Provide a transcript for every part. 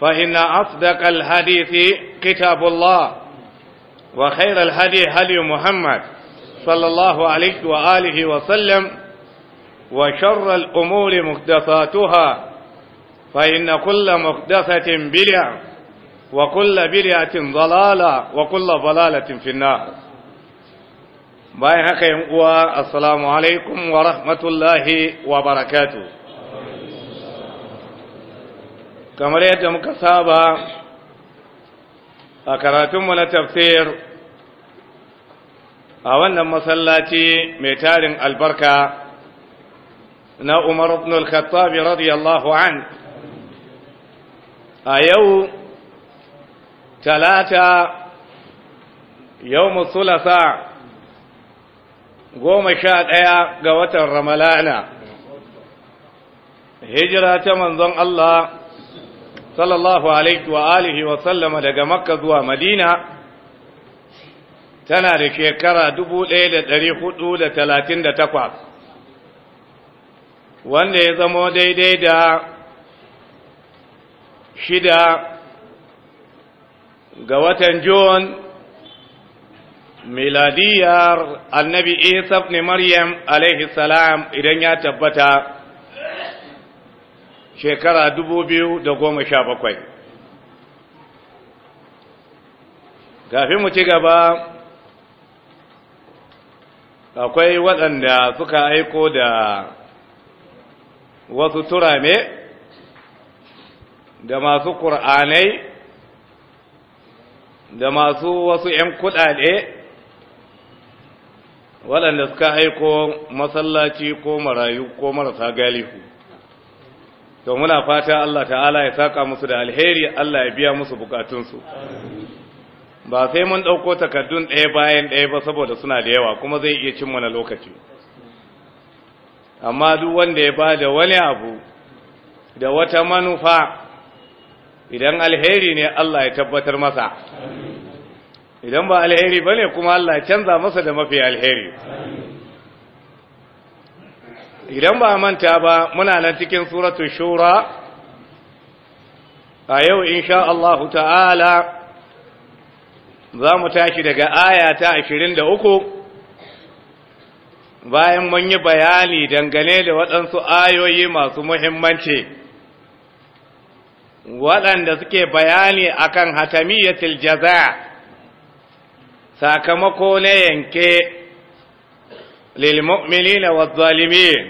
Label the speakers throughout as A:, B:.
A: فإن أصدق الحديث كتاب الله وخير الهدي هدي محمد صلى الله عليه وآله وسلم وشر الأمور مقدساتها فإن كل مقدسة بلع وكل بلعة ضلالة وكل ضلالة في النار باي حقا السلام عليكم ورحمة الله وبركاته kamar yadda muka saba a karatunmu na tafsir a wannan masallaci mai tarin albarka na umar ibn al radiyallahu an a yau talata yau musulasa goma sha ɗaya ga watan ramalana hijira ta manzon Allah sallallahu alaihi wa alihi wa sallama daga makka zuwa madina tana da shekara 1438 wanda ya zamo daidai da shida ga watan John miladiyar annabi Isa ibn Maryam alaihi salam idan ya tabbata shekara dubu biyu da goma sha bakwai kafin mu ci gaba akwai waɗanda suka aiko da wasu turame da masu ƙur'anai da masu wasu ‘yan kuɗaɗe waɗanda suka aiko masallaci ko marayu ko marasa galihu to muna fata Allah ta'ala ya saka musu da alheri Allah ya biya musu bukatunsu ba sai mun ɗauko takardun ɗaya bayan ɗaya ba saboda suna da yawa kuma zai iya cin mana lokaci amma duk wanda ya ba da wani abu da wata manufa idan alheri ne Allah ya tabbatar masa idan ba alheri ba ne kuma Allah ya canza masa da mafi alheri idan ba manta ba muna nan cikin suratul shura a yau insha Allah ta'ala za mu tashi daga aya ta 23 bayan mun yi bayani dangane da waɗansu ayoyi masu muhimmanci waɗanda suke bayani akan hatamiyatul jaza sakamako na yanke lilmu'minina wadh-dhalimin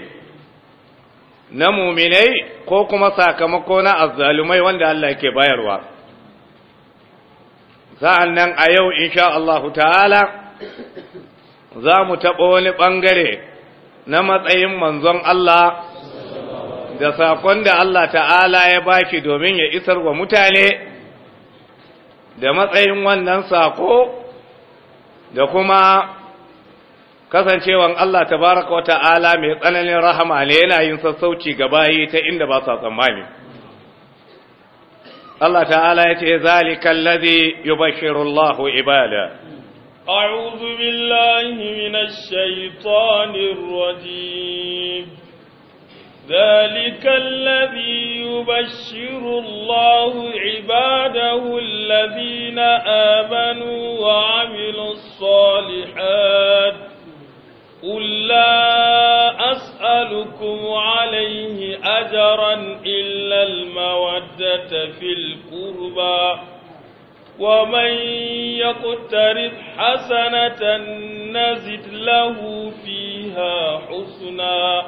A: na muminai ko kuma sakamako na azzalumai wanda Allah ke bayarwa sa'an nan a yau insha ta'ala za mu taɓa wani ɓangare na matsayin manzon Allah da sakon da Allah ta'ala ya baki domin ya isar wa mutane da matsayin wannan sako da kuma kasancewan Allah tabaraka wa ta'ala mai tsananin rahama ne yana yin sassauci ga bayi ta inda ba tsammani Allah ta'ala ya ce zalikal ladhi yubashiru Allahu ibada
B: a'udhu billahi minash shaitanir rajim ذلك الذي يبشر الله عباده الذين آمنوا وعملوا أجرا إلا المودة في القربى ومن يقترف حسنة نزد له فيها حسنا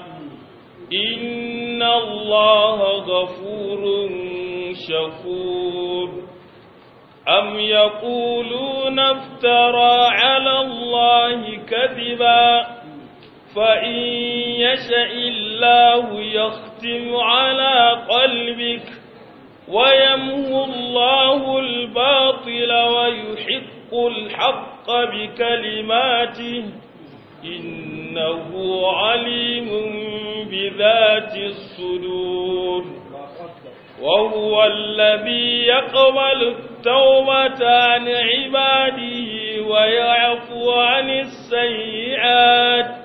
B: إن الله غفور شكور أم يقولون افترى على الله كذبا فإن يشأ الله يخفر يختم على قلبك ويمه الله الباطل ويحق الحق بكلماته إنه عليم بذات الصدور وهو الذي يقبل التوبة عن عباده ويعفو عن السيئات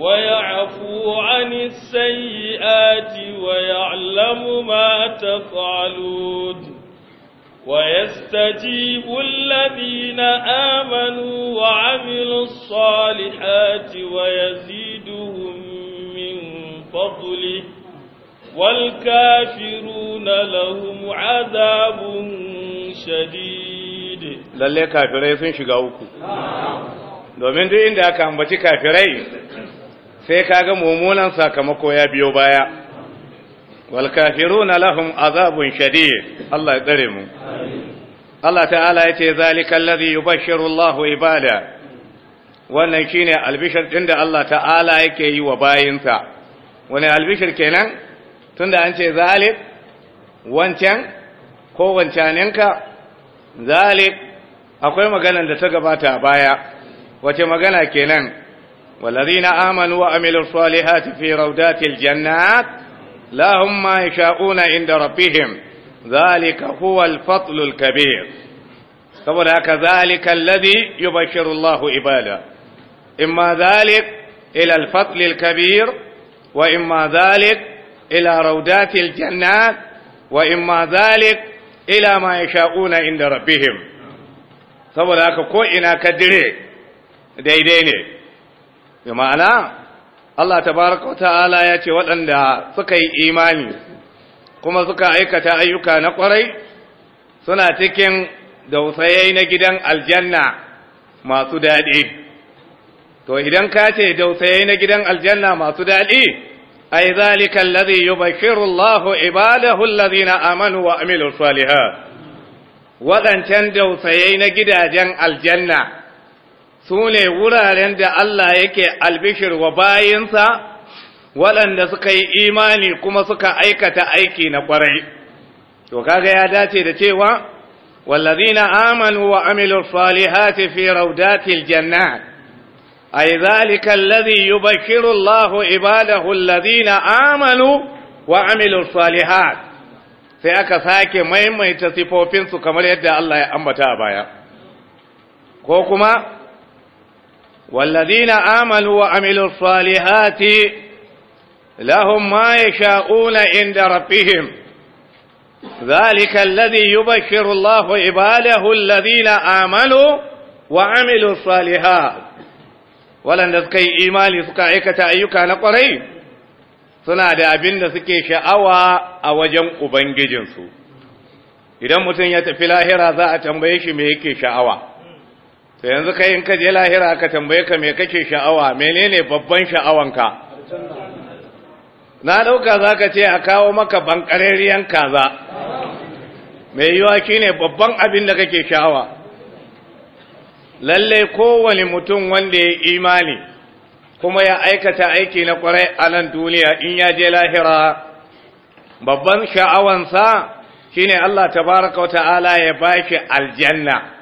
B: ويعفو عن السيئات ويعلم ما تفعلون ويستجيب الذين آمنوا وعملوا الصالحات ويزيدهم من فضله والكافرون لهم عذاب شديد
A: للي كافرين سنشقاوكم domin duk inda aka ambaci kafirai sai kaga mummunan sakamako ya biyo baya wal na lahum azabun shadid Allah ya tsare mu Allah ta'ala yace zalikal ladhi yubashshiru Allahu ibada wannan shine albishir ɗin da Allah ta'ala yake yi wa bayinsa wani albishir kenan tunda an ce zalik wancan ko wancaninka zalik akwai maganar da ta gabata a baya wace magana kenan والذين آمنوا وعملوا الصالحات في روضات الجنات لهم ما يشاءون عند ربهم ذلك هو الفضل الكبير طبعا ذلك الذي يبشر الله عباده إما ذلك إلى الفضل الكبير وإما ذلك إلى روضات الجنات وإما ذلك إلى ما يشاءون عند ربهم طبعا كو إنا كدري ديديني Ya ma'ana Allah tabaraka wa ta'ala ya ce waɗanda suka yi imani kuma suka aikata ayyuka na ƙwarai suna cikin dausayai na gidan aljanna masu daɗi to idan ka ce dausayai na gidan aljanna masu daɗi ai zalika allazi yubashiru Allahu ibadahu allazina amanu wa amilus wadancan waɗancan dausayai na gidajen aljanna su ne wuraren da Allah yake albishir wa bayinsa waɗanda suka yi imani kuma suka aikata aiki na ƙwarai to kaga ya dace da cewa wallazina amanu wa amilu salihati fi raudatil jannat ay zalika alladhi yubashiru Allahu ibadahu allazina amanu wa amilu salihat sai aka sake maimaita sifofinsu kamar yadda Allah ya ambata a baya ko kuma والذين آمنوا وعملوا الصالحات لهم ما يشاءون عند ربهم ذلك الذي يبشر الله عباده الذين آمنوا وعملوا الصالحات ولن تسكي إيماني سكا عكة أيكا نقري suna da abin da suke sha'awa a wajen Ubangijinsu, idan mutum ya tafi lahira za a tambaye shi me yake sha'awa. to yanzu kai in ka je lahira aka tambaye ka me kake sha'awa menene babban sha'awanka na dauka zaka ce a kawo maka bankareriyan kaza mai yiwa shine babban abin da kake sha'awa lalle kowane mutum wanda ya imani kuma ya aikata aiki na kwarai a nan duniya in ya je lahira babban sha'awansa shine Allah tabaraka wa ta'ala ya bashi aljanna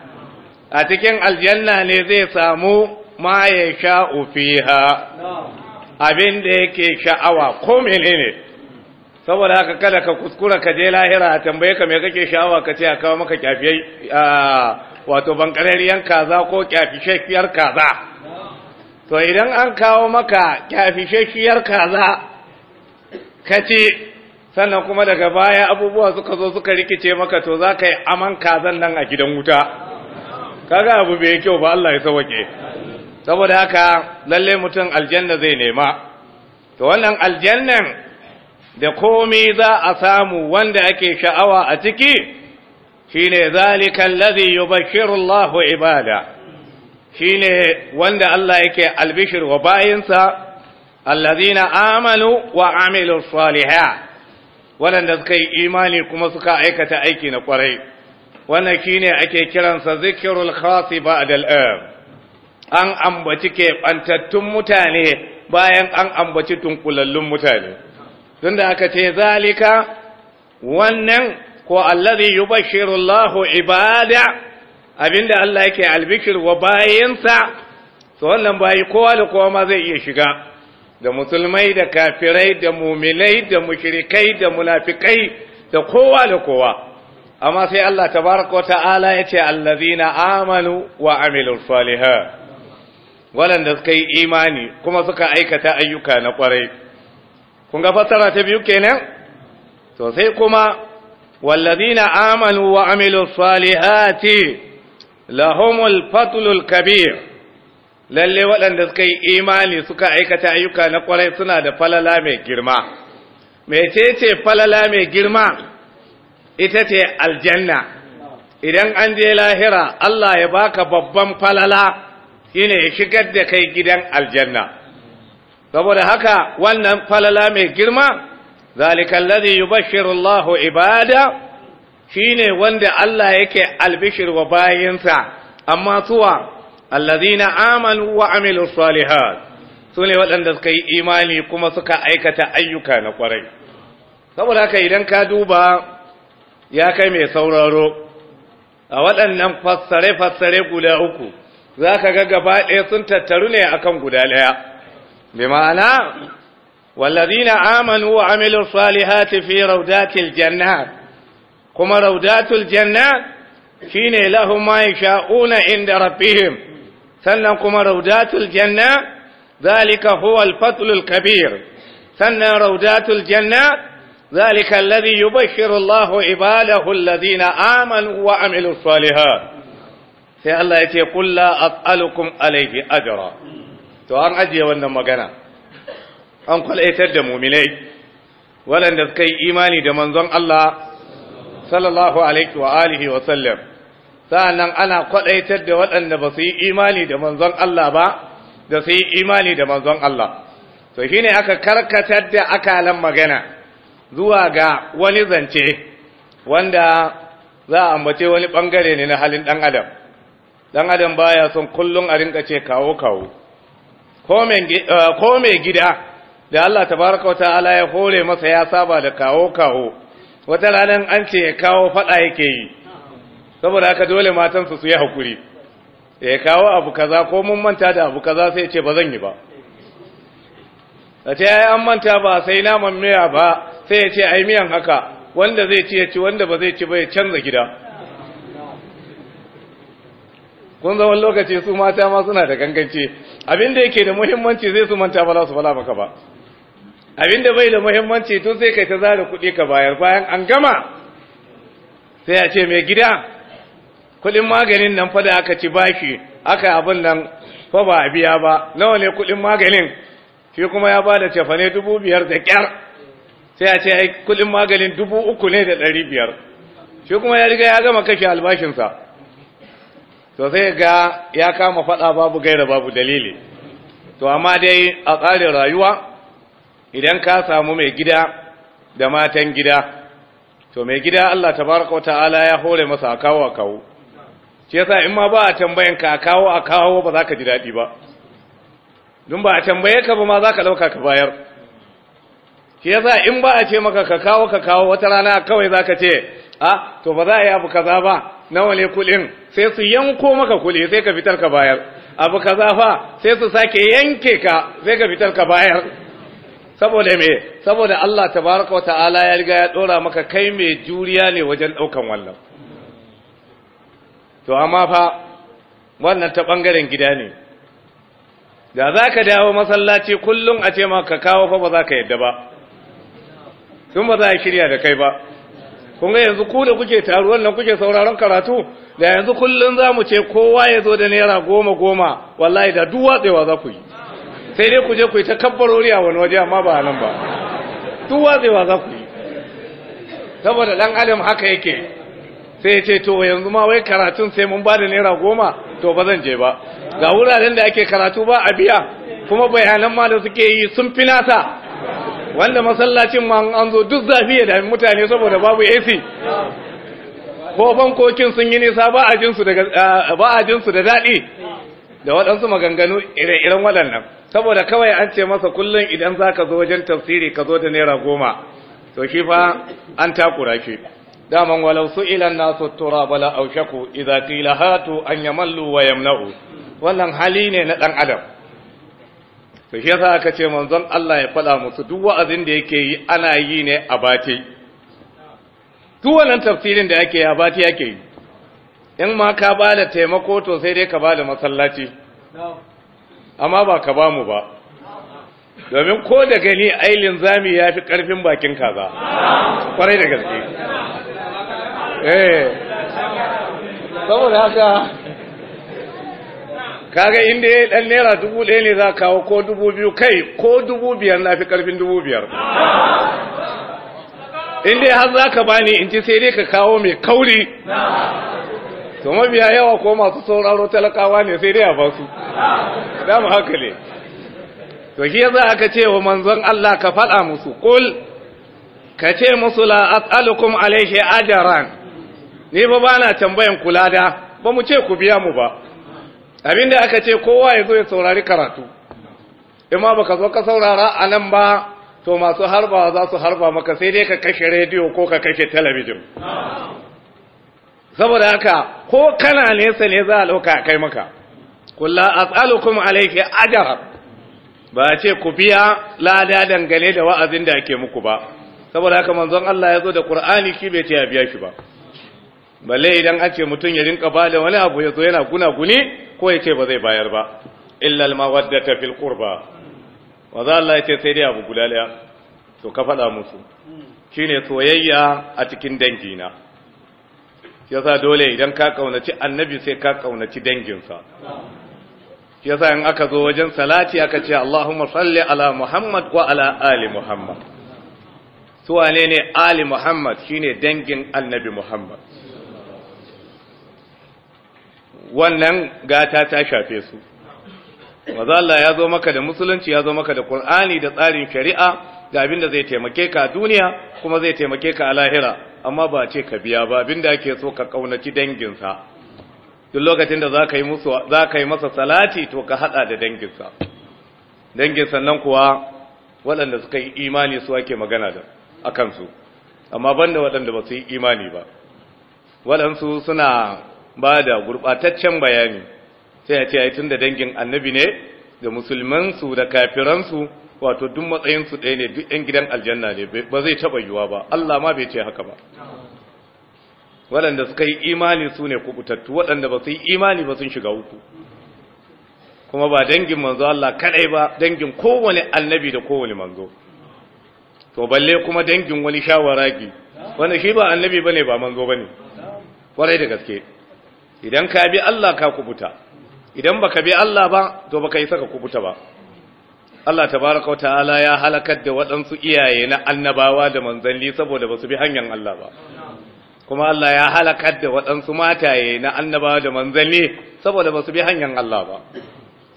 A: a cikin aljanna ne zai samu ma ya sha'u ha abin da yake sha'awa ko menene saboda haka kada ka kuskura ka je lahira a tambaye ka me kake sha'awa ka ce a kawo maka kyafiyar, wato bankarariyar kaza ko kyafishashiyar kaza to idan an kawo maka kyafishashiyar kaza ka ce sannan kuma daga baya abubuwa suka zo suka rikice maka to za ka yi aman kazan nan a gidan wuta kaga abu bai kyau ba Allah ya sauke saboda haka lalle mutum aljanna zai nema to wannan aljannan da komai za a samu wanda ake sha'awa a ciki shine zalikal ladhi yubashshiru Allahu ibada shine wanda Allah yake albishir wa bayinsa allazina amanu wa amilus salihat waɗanda suka yi imani kuma suka aikata aiki na kwarai wannan shine ake kiransa zikirul khasi a al'am an ambaci keɓantattun mutane bayan an ambaci tunkulallun mutane tunda aka ce zalika wannan ko allazi yubashiru Allahu ibada abinda Allah yake albishir wa bayinsa to wannan bayi kowa da kowa ma zai iya shiga da musulmai da kafirai da muminai da mushrikai da munafikai da kowa da kowa amma sai Allah tabaraka wa ta'ala ya ce allazina amanu wa amilul Faliha, waɗanda suka yi imani kuma suka aikata ayyuka na ƙwarai kun ga fassara ta biyu kenan to sai kuma wallazina amanu wa amilus salihati lahumul fatlul kabir lalle waɗanda suka yi imani suka aikata ayyuka na ƙwarai suna da falala mai girma mecece falala mai girma ita ce aljanna idan an je lahira Allah ya baka babban falala shine ya shigar da kai gidan aljanna saboda haka wannan falala mai girma zalikan ladhi yubashshiru ibada shine wanda Allah yake albishir wa bayinsa amma suwa alladhina amanu wa amilus salihat sune waɗanda suka yi imani kuma suka aikata ayyuka na kwarai saboda haka idan ka duba ya kai mai sauraro a waɗannan fassare-fassare guda uku za ka ga gaba ɗaya sun tattaru ne akan guda ɗaya bi ma'ana wallazina amanu wa amilu salihati fi raudatil janna. kuma raudatul janna shine lahum ma yasha'una inda rabbihim sannan kuma raudatul janna. zalika huwa al-fatlul kabir sannan raudatul janna. ذلك الذي يبشر الله عباده الذين آمنوا وعملوا الصالحات sai Allah ya ce kulla as'alukum alayhi ajra to an ajiye wannan magana an kwalaitar da mu'minai waɗanda suka yi imani da manzon Allah sallallahu alaihi wa alihi wa sallam sa'annan ana kwalaitar da waɗanda ba su yi imani da manzon Allah ba da su yi imani da manzon Allah to shine aka karkatar da akalan magana zuwa ga wani zance wanda za a ambace wani bangare ne na halin ɗan adam ɗan adam baya son kullum a rinka ce kawo kawo ko mai eh, gida da Allah Ta tabaraka ala ya hore masa ya saba da kawo kawo wata ranar an ce ya kawo faɗa yake yi saboda haka dole matansu su yi hakuri ya kawo abu kaza ko mun manta da abu kaza sai ce ba zan yi ba a ce ya an manta ba sai naman miya ba sai ya ce a yi miyan haka wanda zai ci ya ci wanda ba zai ci ba ya canza gida kun zama lokaci su mata ma suna da gangance abinda yake da muhimmanci zai su manta ba za su fala maka ba abinda bai da muhimmanci tun sai kai ta zara kuɗi ka bayar bayan an gama sai a ce mai gida kuɗin maganin nan fa aka ci bashi aka abin nan fa ba a biya ba nawa ne kuɗin maganin shi kuma ya ba da cefane dubu biyar da ƙyar sai a ce ai kuɗin maganin dubu uku ne da ɗari biyar shi kuma ya riga ya gama kashe albashinsa to sai ga ya kama faɗa babu gaira babu dalili to amma dai a tsarin rayuwa idan ka samu mai gida da matan gida to mai gida Allah tabaraka wa ta'ala ya hore masa a kawo a kawo shi yasa in ma ba a tambayan ka kawo a kawo ba za ka ji daɗi ba dun ba a tambaye ka ba ma za ka ɗauka ka bayar shi yasa in ba a ce maka ka kawo ka kawo wata rana kawai zaka ce a ah, to ba za a yi abu kaza ba nawa ne kulin sai su yanko maka kuli sai ka fitar ka bayar abu kaza fa sai su sake yanke ka sai ka fitar ka bayar saboda me saboda Allah tabaraka wa ta'ala ya riga ya dora maka kai mai juriya ne wajen daukan wallan to amma fa wannan ta bangaren gida ne da za ka dawo masallaci kullum a ce maka kawo fa ba za ka yadda ba sun ba za a shirya da kai ba kun ga yanzu ku da kuke taruwan nan kuke sauraron karatu da yanzu kullum za mu ce kowa ya zo da naira goma goma wallahi da duk watsewa za ku yi sai dai ku je ku yi ta kabbarori a wani waje amma ba nan ba duk watsewa za ku yi saboda dan adam haka yake sai ya ce to yanzu ma wai karatun sai mun ba da naira goma to ba zan je ba ga wuraren da ake karatu ba a biya kuma bayanan ma da suke yi sun fi nasa wanda masallacin ma an zo duk zafi ya dami mutane saboda babu AC ko bankokin sun yi nisa ba a jinsu da daɗi da waɗansu maganganu ire-iren waɗannan saboda kawai an ce masa kullum idan zaka zo wajen tafsiri ka zo da naira goma to shi fa an takura shi daman walau su'ilan nasu turaba la aushaku idza qila hatu an yamallu wa yamna'u wannan hali ne na ɗan adam to shi yasa aka ce manzon Allah ya faɗa musu duk wa'azin da yake yi ana yi ne a bati. duk wannan tafsirin da yake a bate yake yi in ma ka ba da taimako to sai dai ka ba da masallaci amma ba ka ba mu ba domin ko da gani ailin zami ya fi ƙarfin bakin kaza kwarai da gaske
B: eh saboda haka
A: kaga inda ya dan naira dubu ɗaya ne za kawo ko dubu biyu kai ko dubu biyar na fi karfin dubu biyar inda har za ka bani in ci sai dai ka kawo mai kauri to mabiya yawa ko masu sauraro talakawa ne sai dai a basu mu haka ne to shi yasa aka ce wa manzon Allah ka faɗa musu kul ka ce musu la as'alukum alayhi ajran ni ba bana tambayan kula da ba mu ce ku biya mu ba abinda aka ce kowa ya zo ya saurari karatu in ma baka zo ka saurara a nan ba to masu harba za su harba maka sai dai ka kashe rediyo ko ka kashe talabijin saboda haka ko kana nesa ne za a ɗauka a kai maka kula as'alukum alayhi ajra ba a ce ku biya lada dangane da wa'azin da ake muku ba saboda haka manzon Allah ya zo da Qur'ani shi bai ce ya biya shi ba balle idan an ce mutum ya rinka ba da wani abu ya zo yana gunaguni ko ya ce ba zai bayar ba illal mawaddata fil qurba maza Allah ya ce sai dai abu gulaliya to ka faɗa musu shine soyayya a cikin dangi na yasa dole idan ka kaunaci annabi sai ka kaunaci danginsa yasa in aka zo wajen salati aka ce Allahumma salli ala Muhammad wa ala ali Muhammad su wane ne ali Muhammad shine dangin annabi Muhammad wannan gata ta shafe su maza Allah ya zo maka da musulunci ya zo maka da Qur'ani da tsarin shari'a da abin da zai taimake ka a duniya kuma zai taimake ka a lahira amma ba ce ka biya ba abin da ake so ka kaunaci danginsa duk lokacin da zaka yi yi masa salati to ka hada da danginsa dangin sannan kuwa waɗanda suka yi imani su ake magana da akan su amma banda waɗanda ba su yi imani ba waɗansu suna ba da gurɓataccen bayani sai a ce ai tun da dangin annabi ne da musulmansu da kafiransu wato duk matsayinsu ɗaya ne duk ɗan gidan aljanna ne ba zai taɓa yiwuwa ba Allah ma bai ce haka ba waɗanda suka yi imani su ne kubutattu waɗanda ba su yi imani ba sun shiga uku kuma ba dangin manzo Allah kaɗai ba dangin kowane annabi da kowane manzo to balle kuma dangin wani shawaragi wanda shi ba annabi bane ba manzo bane kwarai da gaske idan ka bi Allah ka kubuta idan baka bi Allah ba to baka yi saka kubuta ba Allah tabaraka ta'ala ya halakar da waɗansu iyaye na annabawa da manzanni saboda ba su bi hanyar Allah ba kuma Allah ya halakar da waɗansu mataye na annabawa da manzanni saboda ba su bi hanyar Allah ba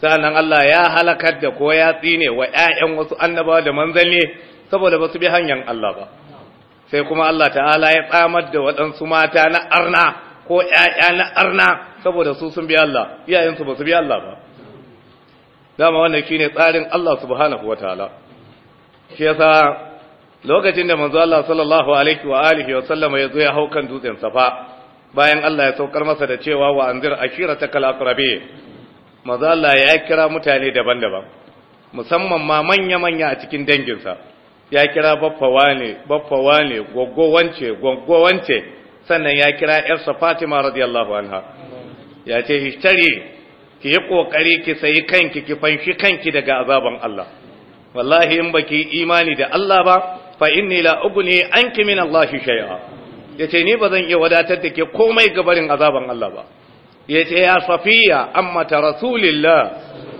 A: sannan Allah ya halakar da ko ya tsine wa 'ya'yan wasu annabawa da manzanni saboda ba su bi hanyar Allah ba sai kuma Allah ta'ala ya tsamar da waɗansu mata na arna ko ƴaƴa na arna saboda su sun bi Allah iyayensu ba su bi Allah ba dama wannan shine tsarin Allah subhanahu wataala shi yasa lokacin da manzo Allah sallallahu alaihi wa alihi wa sallama ya zo ya hau kan dutsen safa bayan Allah ya saukar masa da cewa wa anzir ta aqrabi manzo Allah ya kira mutane daban-daban musamman ma manya-manya a cikin danginsa ya kira baffawa ne baffawa ne gwaggowance gwaggowance sannan ya kira yarsa Fatima radiyallahu anha ya ce hishtari ki yi ƙoƙari ki sayi kanki ki fanshi kanki daga azaban Allah wallahi in baki imani da Allah ba fa inni la ugni anki min Allah shay'a yace ni bazan iya wadatar da ke komai gabarin azaban Allah ba ce ya safiya amma ta rasulillah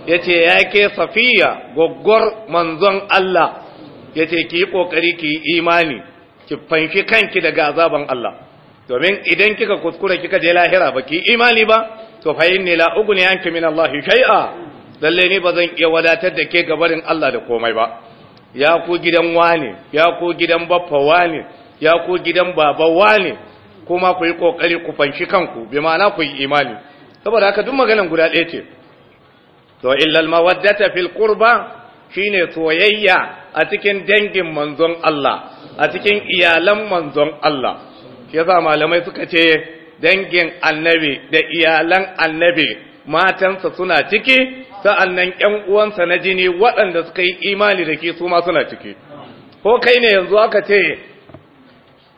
A: yace yake safiya goggor manzon Allah yace ki yi ƙoƙari ki imani ki fanshi kanki daga azaban Allah domin idan kika kuskura kika je lahira baki imani ba to fa inni la ugni anka min Allah shay'a lalle ni bazan iya wadatar da ke gabarin Allah da komai ba ya ku gidan wani ya ku gidan baffa wani ya ku gidan baba wani kuma ku yi kokari ku fanshi kanku bi ma'ana ku yi imani saboda haka duk maganan guda ɗaya ce to illal mawaddata fil qurba shine soyayya a cikin dangin manzon Allah a cikin iyalan manzon Allah shi yasa malamai suka ce dangin annabi da iyalan annabi matansa suna ciki sa'annan ƴan uwansa na jini waɗanda suka yi imani da ke su ma suna ciki ko kai ne yanzu aka ce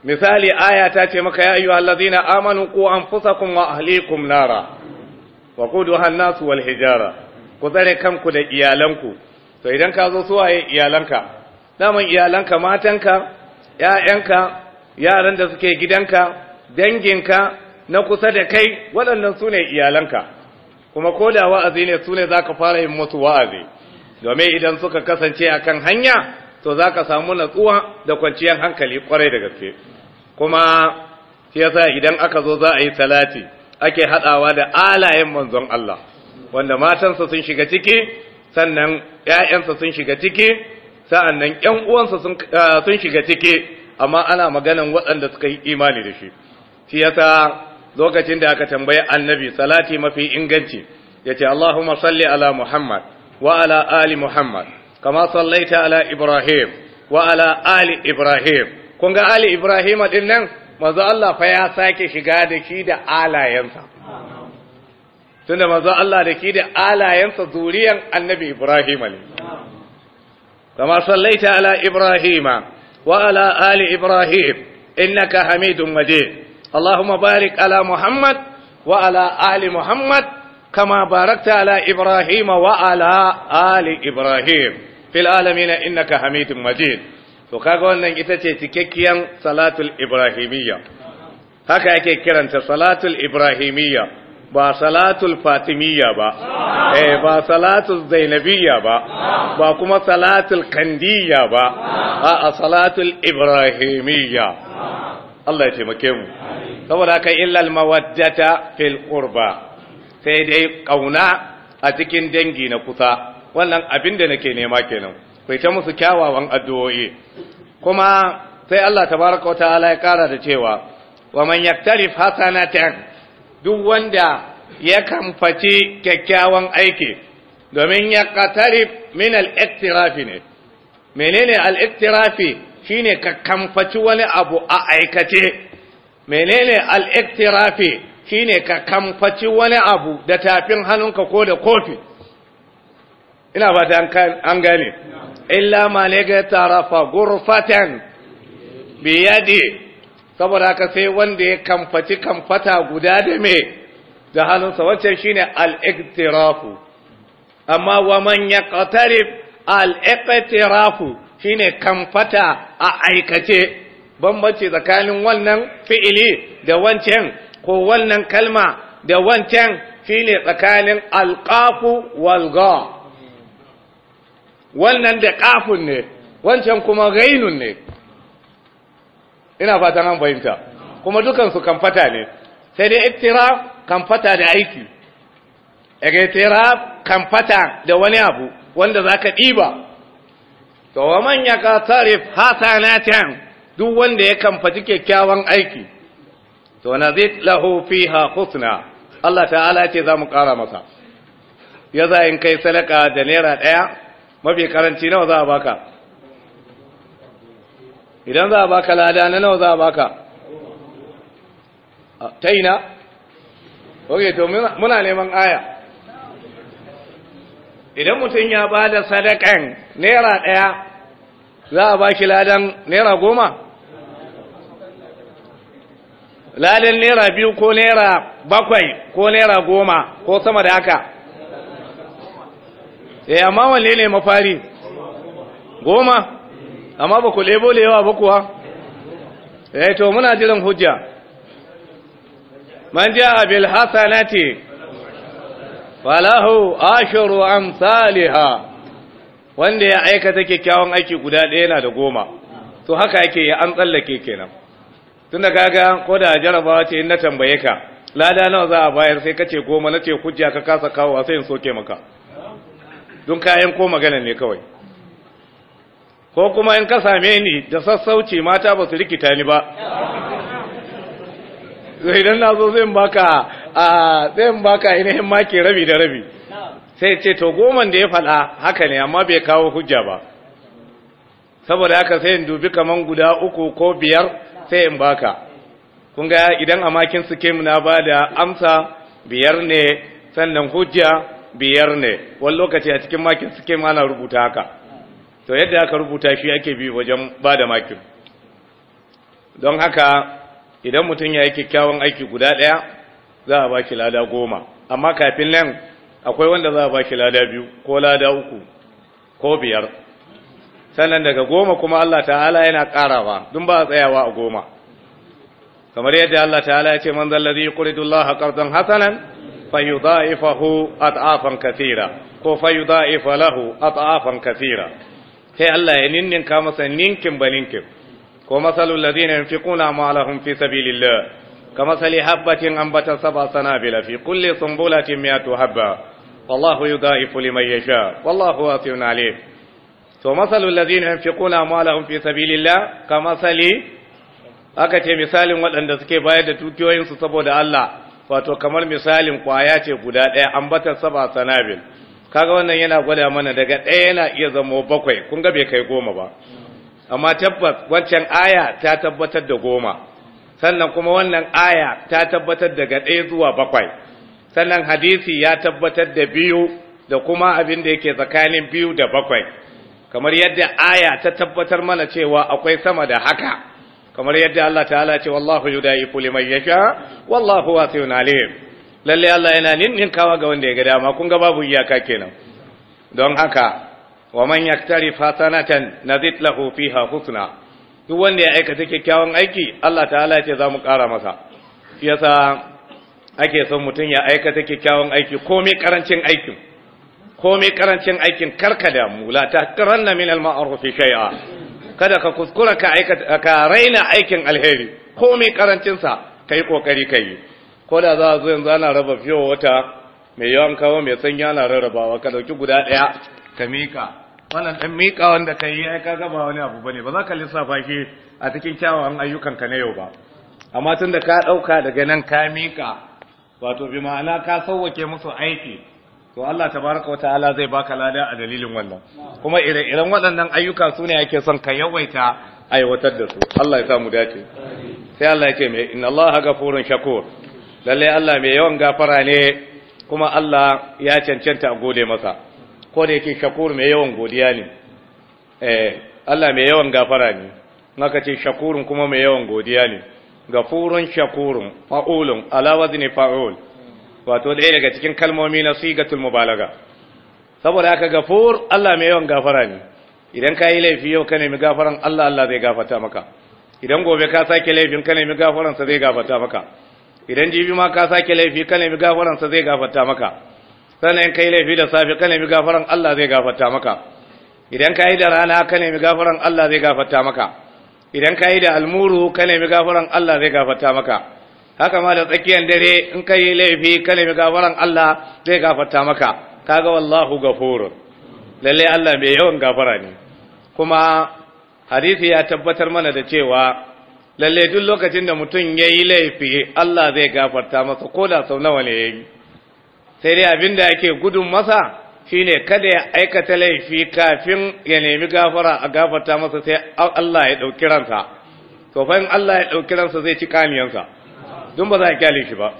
A: misali aya ta ce maka ya wa allazina amanu qu anfusakum wa ahlikum nara wa quduha an wal hijara ku tsare kanku da iyalanku to idan ka zo su waye iyalanka daman iyalanka matanka ƴaƴanka yaran da suke gidanka danginka na kusa da kai waɗannan su ne iyalanka kuma ko da wa'azi ne su ne za ka fara yin musu wa'azi domin idan suka kasance a kan hanya to za ka samu natsuwa da kwanciyar hankali kwarai da gaske kuma shi yasa idan aka zo za a yi salati ake haɗawa da alayen manzon Allah wanda matansa sun shiga ciki sannan ‘ya'yansa sun shiga ciki sa'an nan ‘yan uwansa ah, sun shiga ciki amma ana maganan waɗanda suka yi imani da shi shi yasa lokacin da aka tambaye annabi salati mafi inganci yace Allahumma salli ala Muhammad wa ala ali Muhammad kama sallaita ala Ibrahim wa ala ali Ibrahim kun ga ali Ibrahim din nan manzo Allah fa ya sake shiga da shi da alayensa tunda manzo Allah da ki da alayensa zuriyan annabi Ibrahim ne kama sallaita ala Ibrahima وعلى آل إبراهيم إنك حميد مجيد اللهم بارك على محمد وعلى آل محمد كما باركت على إبراهيم وعلى آل إبراهيم في العالمين إنك حميد مجيد وكاغو أنك تتكيكيا صلاة الإبراهيمية haka yake kiranta salatul ibrahimiyya ba salatul fatimiyya ba eh ba salatul zainabiyya ba ba kuma salatul kandiyya ba a salatul ibrahimiyya Allah ya taimake mu saboda kai illal mawaddata fil qurba sai dai kauna a cikin dangi na kusa wannan abin da nake nema kenan kai ta musu kyawawan addu'o'i kuma sai Allah tabaraka wa ta'ala ya kara da cewa wa man yaktarif hasanatan duk wanda ya kamfaci kyakkyawan aiki domin ya qatarib min al'iktirafi ne menene al'iktirafi shi ne ka kamfaci wani abu a aikace menene al'iktirafi shi ne ka kamfaci wani abu da tafin hannunka ko da kofi ina ba ta an gane illa ma ne ga tarafa gurfatan biyadi saboda haka sai wanda ya kamfaci kamfata guda da me da hannunsa wancan shine al-iktirafu amma wa man yaqtarib al shi shine kamfata a aikace bambanci tsakanin wannan fi'ili da wancan ko wannan kalma da wancan shine tsakanin alƙafu wal wannan da qafun ne wancan kuma gainun ne ina fatan an fahimta kuma dukansu fata ne sai dai kan fata da aiki kan fata da wani abu wanda zaka ka ɗiba to wa man ya hasanatan duk wanda ya kamfaci kyakkyawan aiki to nazid lahu fiha husna Allah ta'ala ce za mu ƙara masa ya in kai sadaka da naira ɗaya mafi karanci nawa za a baka idan za a baka lada na nawa za a baka ta ina ok to muna neman aya idan mutum ya ba da sadakan naira ɗaya za a ba ladan naira goma ladan naira biyu ko naira bakwai ko naira goma ko sama da haka eh amma wanne ne mafari goma amma ba ku lebo lewa ba kuwa eh to muna jiran hujja man ja bil hasanati falahu ashru amsalha wanda ya aikata kyakkyawan aiki guda ɗaya na da goma to haka yake ya an tsallake kenan tunda kaga ko da jarabawa ce in na tambaye ka lada nawa za a bayar sai kace goma nace hujja ka kasa kawo sai in soke maka don kayan ko magana ne kawai ko kuma in ka same ni da sassauci mata ba su rikita ni ba sai idan na zo zai baka a zai baka ainihin maki rabi da rabi sai ce to goman da ya faɗa haka ne amma bai kawo hujja ba saboda haka sai in dubi kaman guda uku ko biyar sai in baka kun ga idan a makin ke na ba da amsa biyar ne sannan hujja biyar ne wani lokaci a cikin makin suke ana rubuta haka to yadda aka rubuta shi ake bi wajen ba da makin don haka idan mutum ya yi kyakkyawan aiki guda ɗaya za a ba shi lada goma amma kafin nan akwai wanda za a ba shi lada biyu ko lada uku ko biyar sannan daga goma kuma Allah ta'ala yana ƙarawa dun ba a tsayawa a goma kamar yadda Allah ta'ala ya ce man zallazi yuqridullaha qardan hasanan fayudha'ifahu at'afan kathira ko fayudha'ifa lahu at'afan kathira sai Allah ya ninninka masa ninkin ba balinkin ko masalul ladina yunfiquna amwalahum fi sabilillah kamasali habatin ambata sab'a sanabila fi kulli sunbulatin mi'atu habba wallahu yudaifu liman yasha wallahu wasi'un alim to masalul ladina yunfiquna amwalahum fi sabilillah kamasali aka ce misalin waɗanda suke bayar da tukiyoyinsu saboda Allah wato kamar misalin kwaya ce guda ɗaya ambatar saba sanabil kaga wannan yana gwada mana daga ɗaya yana iya zama bakwai kun ga bai kai goma ba amma tabbas wancan aya ta tabbatar da goma sannan kuma wannan aya ta tabbatar daga ɗaya zuwa bakwai sannan hadisi ya tabbatar da biyu da kuma abin da yake tsakanin biyu da bakwai kamar yadda aya ta tabbatar mana cewa akwai sama da haka kamar yadda Allah ta'ala ce wallahu yudaifu liman yasha wallahu wasi'un alim lalle Allah yana nin kawa ga wanda ya ga dama kun ga babu iyaka kenan don haka wa man yaktari fasanatan Nazit lahu fiha husna duk wanda ya aikata kyakkyawan aiki Allah ta'ala ce za mu ƙara masa shi yasa ake son mutum ya aikata kyakkyawan aiki komai karancin aikin komai karancin aikin karka mula ta karanna min al-ma'ruf shay'a kada ka kuskura ka aikata ka raina aikin alheri komai karancin sa kai kokari kai ko da za a zo yanzu ana raba fiye wata mai yawan kawo mai sanya ana rarrabawa ka dauki guda ɗaya ka mika wannan ɗan mika wanda ka yi ka gaba wani abu bane ba za ka lissafa shi a cikin kyawawan ayyukan ka na yau ba amma tun da ka ɗauka daga nan ka mika wato bi ma'ana ka sauwake musu aiki to Allah tabaraka wa ta'ala zai baka lada a dalilin wannan kuma ire-iren waɗannan ayyuka su ne ake son ka yawaita aiwatar da su Allah ya samu dace sai Allah yake mai inna Allah ghafurun shakur lalle Allah mai yawan gafara ne kuma Allah ya cancanta a gode masa ko da yake shakur mai yawan godiya ne eh Allah mai yawan gafara ne naka ce shakurun kuma mai yawan godiya ne gafurun shakurun fa'ulun ala wazni fa'ul wato ɗaya daga cikin kalmomi na sigatul mubalaga saboda haka gafur Allah mai yawan gafara ne idan ka yi laifi yau ka nemi gafaran Allah Allah zai gafarta maka idan gobe ka sake laifin ka nemi sa zai gafarta maka idan jibi ma ka sake laifi ka nemi sa zai gafarta maka sannan kai laifi da safe ka nemi gafaran Allah zai gafarta maka idan ka yi da rana ka nemi gafaran Allah zai gafarta maka idan ka yi da almuru ka nemi gafaran Allah zai gafarta maka haka ma da tsakiyar dare in ka yi laifi ka nemi gafaran Allah zai gafarta maka kaga wallahu gafurun lalle Allah mai yawan gafara ne kuma hadisi ya tabbatar mana da cewa lalle duk lokacin da mutum ya yi laifi Allah zai gafarta masa ko da sau nawa ne ya yi sai dai abin da yake gudun masa shine kada ya aikata laifi kafin ya nemi gafara a gafarta masa sai Allah ya ɗauki ransa to fa in Allah ya ɗauki ransa zai ci kamiyansa don ba za a kyale shi ba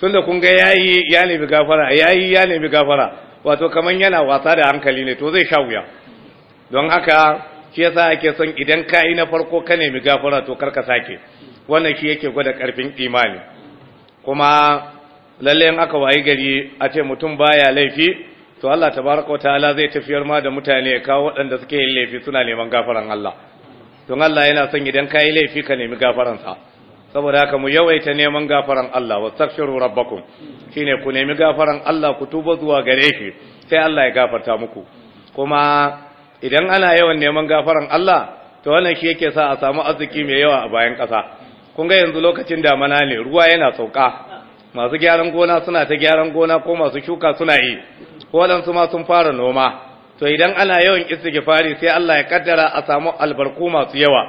A: tun da kun ga yayi ya nemi gafara yayi ya nemi gafara wato kaman yana wasa da hankali ne to zai sha wuya don haka shi yasa ake son idan ka yi na farko ka nemi gafara to karka sake wannan shi yake gwada karfin imani kuma lalle in aka wayi gari a ce mutum baya laifi to Allah tabaraka wataala zai tafiyar ma da mutane ya kawo waɗanda suke yin laifi suna neman gafaran Allah don Allah yana son idan ka yi laifi ka nemi gafaransa saboda haka mu yawaita neman gafaran Allah wastaghfiru rabbakum shine ku nemi gafaran Allah ku tuba zuwa gare shi sai Allah ya gafarta muku kuma idan ana yawan neman gafaran Allah to wannan shi yake sa a samu arziki mai yawa a bayan ƙasa kun ga yanzu lokacin damana ne ruwa yana sauka masu gyaran gona suna ta gyaran gona ko masu shuka suna yi ko waɗansu ma sun fara noma to idan ana yawan istighfari sai Allah ya kaddara a samu albarku masu yawa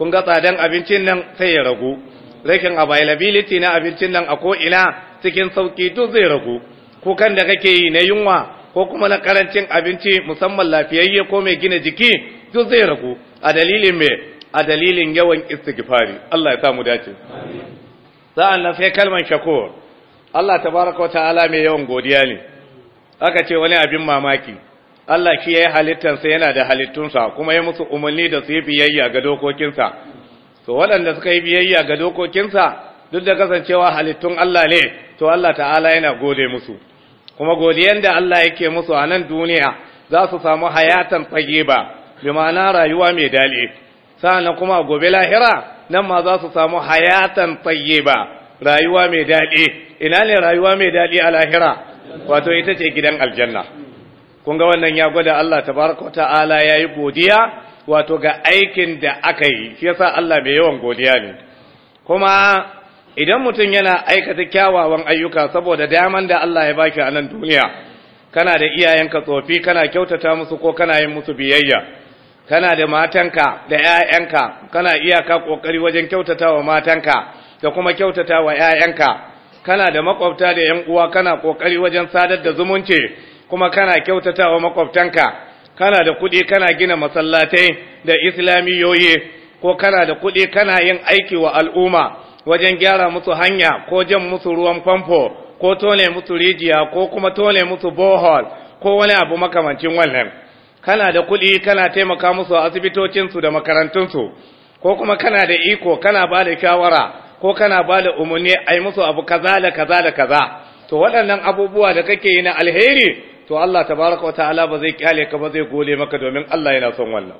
A: kun ga tsadan abincin nan sai ya ragu rashin availability na abincin nan a ko ina cikin sauki duk zai ragu kukan da kake yi na yunwa ko kuma na karancin abinci musamman lafiyayye ko mai gina jiki duk zai ragu a dalilin mai a dalilin yawan istighfari Allah ya sa mu dace sa'an nan sai kalman shakur Allah tabaraka ta'ala mai yawan godiya ne aka ce wani abin mamaki Allah shi yayi sa yana da halittunsa kuma ya musu umarni da su yi biyayya ga dokokinsa to waɗanda suka yi biyayya ga dokokinsa duk da kasancewa halittun Allah ne to Allah ta'ala yana gode musu kuma godiyan da Allah yake musu a nan duniya za su samu hayatan fage ba bi ma'ana rayuwa mai daɗi sa'annan kuma gobe lahira nan ma za su samu hayatan fage ba rayuwa mai daɗi ina ne rayuwa mai daɗi a lahira wato ita ce gidan aljanna kun ga wannan ya gwada Allah tabaraka ta'ala yayi godiya wato ga aikin da aka yi shi yasa Allah mai yawan godiya ne kuma idan mutum yana aikata kyawawan ayyuka saboda daman da Allah ya baki a nan duniya kana da iyayenka tsofi kana kyautata musu ko kana yin musu biyayya kana da matanka da ƴaƴanka kana iyaka kokari wajen kyautata wa matanka da kuma kyautata wa ƴaƴanka kana da makwabta da ƴan uwa kana kokari wajen sadar da zumunci kuma kana kyautata wa makwabtanka kana da kuɗi kana gina masallatai da islamiyoyi ko kana da kuɗi kana yin aiki wa al'umma wajen gyara musu hanya ko jan musu ruwan famfo ko tole musu rijiya ko kuma tole musu bohol ko wani abu makamancin wannan kana da kuɗi kana taimaka musu a asibitocinsu da makarantunsu ko kuma kana da iko kana ba da shawara ko kana ba da umarni a yi musu abu kaza da kaza da kaza to waɗannan abubuwa da kake yi na alheri to Allah tabaraka wa ta'ala ba zai kyale ka ba zai gole maka domin Allah yana son wannan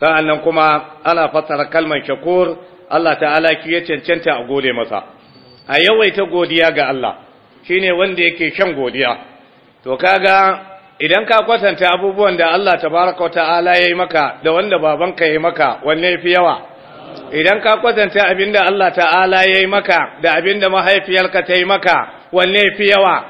A: sa'annan kuma ana fassara kalmar shakur Allah ta'ala ki ya cancanta a gode masa a yawaita godiya ga Allah shi ne wanda yake shan godiya to kaga idan ka kwatanta abubuwan da Allah tabaraka wa ta'ala yi maka da wanda babanka ya yi maka wanne fi yawa idan ka kwatanta abinda Allah ta'ala yi maka da abinda mahaifiyarka ta yi maka wanne fi yawa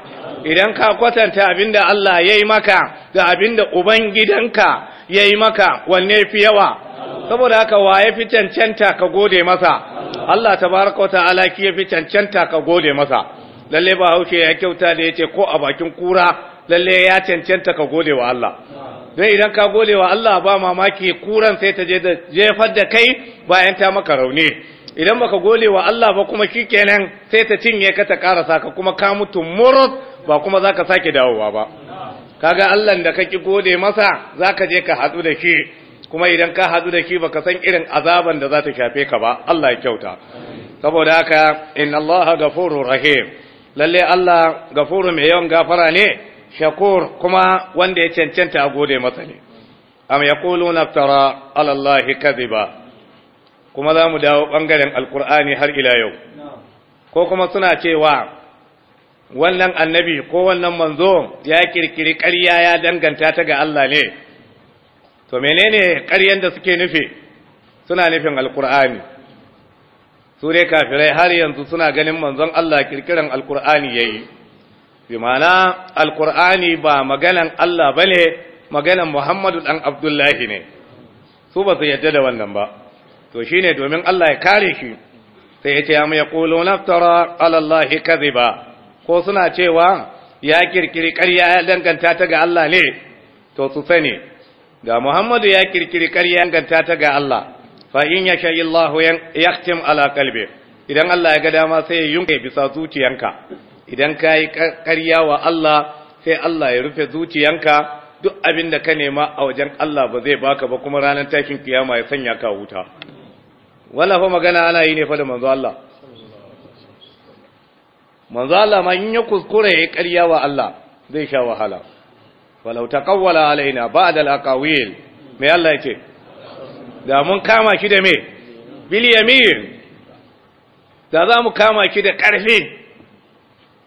A: idan ka kwatanta abinda Allah ya yi maka da abinda ubangidanka ya yi maka wanne fi yawa saboda haka wa ya fi cancanta ka gode masa Allah tabaraka wa ta'ala ki ya fi cancanta ka gode masa lalle ba haushe ya kyauta da yace ko a bakin kura lalle ya cancanta ka gode wa Allah dan idan ka gode wa Allah ba mamaki kuran sai ta je da jefar da kai bayan ta maka rauni idan baka gode wa Allah ba kuma shikenan sai ta cinye ka ta karasa ka kuma ka mutu murud ba kuma zaka sake dawowa ba kaga Allah da ka kake gode masa zaka je ka hadu da shi kuma idan ka hadu da ki baka san irin azaban da za ta shafe ka ba Allah ya kyauta saboda haka inna Allah gafurur rahim lalle Allah gafuru mai yawan gafara ne shakur kuma wanda ya cancanta a gode masa ne am yaquluna tara ala Allah kadhiba kuma za mu dawo bangaren alkur'ani har ila yau ko kuma suna cewa wannan annabi ko wannan manzo ya kirkiri ƙarya ya danganta ta ga Allah ne to menene ƙaryan da suke nufi suna nufin alkur'ani su dai kafirai har yanzu suna ganin manzon Allah kirkiran alkur'ani yayi bi ma'ana alkur'ani ba maganan Allah bane maganan Muhammadu dan Abdullahi ne su ba su yadda da wannan ba to shine domin Allah ya kare shi sai ya ce mai yaquluna naftara ala Allah kadhiba ko suna cewa ya kirkiri ƙarya ya danganta ta ga Allah ne to su sani ga Muhammadu ya kirkiri ƙarya ganta ta ga Allah fa in ya yi Allahu ya ala kalbi idan Allah ya ga dama sai ya yunke bisa zuciyanka idan ka yi ƙarya wa Allah sai Allah ya rufe zuciyanka duk abin da ka nema a wajen Allah ba zai baka ba kuma ranar tashin kiyama ya sanya ka wuta wala fa magana ana yi ne fa da manzo Allah manzo Allah ma in ya kuskure ya ƙarya wa Allah zai sha wahala walau taqawwala alaina ba'd al-aqawil me Allah ce. da mun kama ki da me biliyamin. da za mu kama ki da ƙarfi